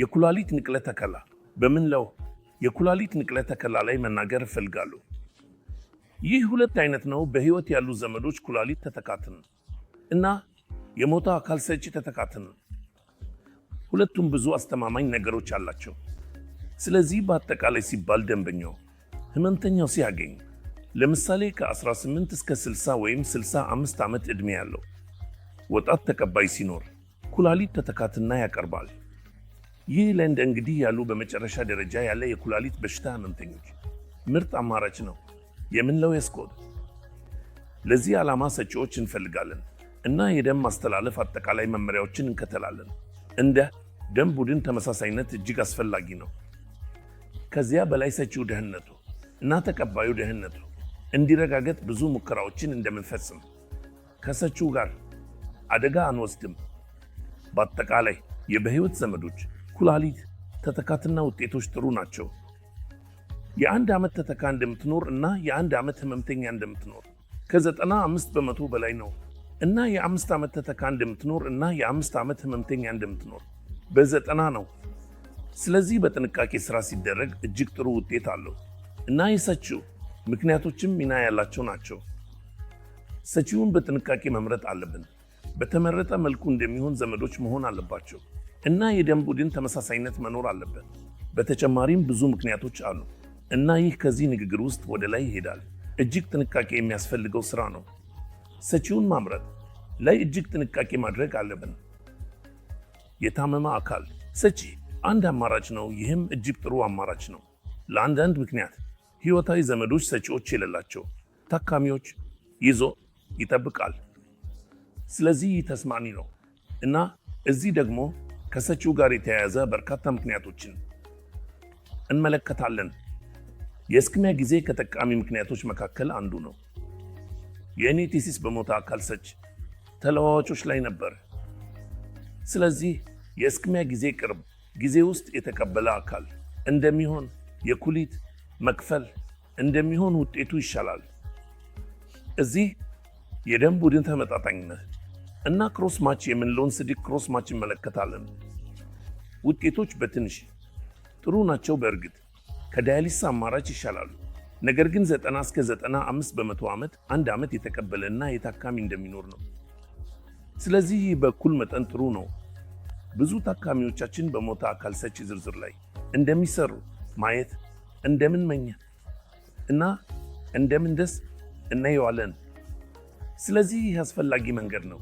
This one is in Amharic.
የኩላሊት ንቅለ ተከላ በምንለው የኩላሊት ንቅለ ተከላ ላይ መናገር እፈልጋለሁ። ይህ ሁለት አይነት ነው። በህይወት ያሉ ዘመዶች ኩላሊት ተተካትን እና የሞተ አካል ሰጪ ተተካትን። ሁለቱም ብዙ አስተማማኝ ነገሮች አላቸው። ስለዚህ በአጠቃላይ ሲባል ደንበኛው ህመምተኛው ሲያገኝ ለምሳሌ ከ18 እስከ 60 ወይም 65 ዓመት ዕድሜ ያለው ወጣት ተቀባይ ሲኖር ኩላሊት ተተካትና ያቀርባል። ይህ ለእንደ እንግዲህ ያሉ በመጨረሻ ደረጃ ያለ የኩላሊት በሽታ ህመምተኞች ምርጥ አማራጭ ነው የምንለው የስኮት ለዚህ ዓላማ ሰጪዎች እንፈልጋለን እና የደም ማስተላለፍ አጠቃላይ መመሪያዎችን እንከተላለን። እንደ ደም ቡድን ተመሳሳይነት እጅግ አስፈላጊ ነው። ከዚያ በላይ ሰጪው ደህንነቱ እና ተቀባዩ ደህንነቱ እንዲረጋገጥ ብዙ ሙከራዎችን እንደምንፈጽም ከሰጪው ጋር አደጋ አንወስድም። በአጠቃላይ የበህይወት ዘመዶች ኩላሊት ተተካትና ውጤቶች ጥሩ ናቸው። የአንድ ዓመት ተተካ እንደምትኖር እና የአንድ ዓመት ህመምተኛ እንደምትኖር ከ95 በመቶ በላይ ነው እና የአምስት ዓመት ተተካ እንደምትኖር እና የአምስት ዓመት ህመምተኛ እንደምትኖር በዘጠና ነው። ስለዚህ በጥንቃቄ ሥራ ሲደረግ እጅግ ጥሩ ውጤት አለው እና የሰችው ምክንያቶችም ሚና ያላቸው ናቸው። ሰቺውን በጥንቃቄ መምረጥ አለብን። በተመረጠ መልኩ እንደሚሆን ዘመዶች መሆን አለባቸው። እና የደም ቡድን ተመሳሳይነት መኖር አለበት። በተጨማሪም ብዙ ምክንያቶች አሉ እና ይህ ከዚህ ንግግር ውስጥ ወደ ላይ ይሄዳል። እጅግ ጥንቃቄ የሚያስፈልገው ስራ ነው። ሰጪውን ማምረት ላይ እጅግ ጥንቃቄ ማድረግ አለብን። የታመመ አካል ሰጪ አንድ አማራጭ ነው። ይህም እጅግ ጥሩ አማራጭ ነው። ለአንዳንድ ምክንያት ህይወታዊ ዘመዶች ሰጪዎች የሌላቸው ታካሚዎች ይዞ ይጠብቃል። ስለዚህ ተስማሚ ነው እና እዚህ ደግሞ ከሰቺው ጋር የተያያዘ በርካታ ምክንያቶችን እንመለከታለን። የእስክሚያ ጊዜ ከጠቃሚ ምክንያቶች መካከል አንዱ ነው። የእኔ ቴሲስ በሞተ አካል ሰች ተለዋዋጮች ላይ ነበር። ስለዚህ የእስክሚያ ጊዜ ቅርብ ጊዜ ውስጥ የተቀበለ አካል እንደሚሆን የኩሊት መክፈል እንደሚሆን ውጤቱ ይሻላል። እዚህ የደም ቡድን ተመጣጣኝነት እና ክሮስ ማች የምንለውን ስድቅ ክሮስ ማች እንመለከታለን። ውጤቶች በትንሽ ጥሩ ናቸው። በእርግጥ ከዳያሊስ አማራጭ ይሻላሉ። ነገር ግን 90 እስከ 95 በመቶ ዓመት አንድ ዓመት የተቀበለ እና የታካሚ እንደሚኖር ነው። ስለዚህ ይህ በኩል መጠን ጥሩ ነው። ብዙ ታካሚዎቻችን በሞተ አካል ሰጪ ዝርዝር ላይ እንደሚሰሩ ማየት እንደምን መኛ እና እንደምን ደስ እናየዋለን። ስለዚህ ይህ አስፈላጊ መንገድ ነው።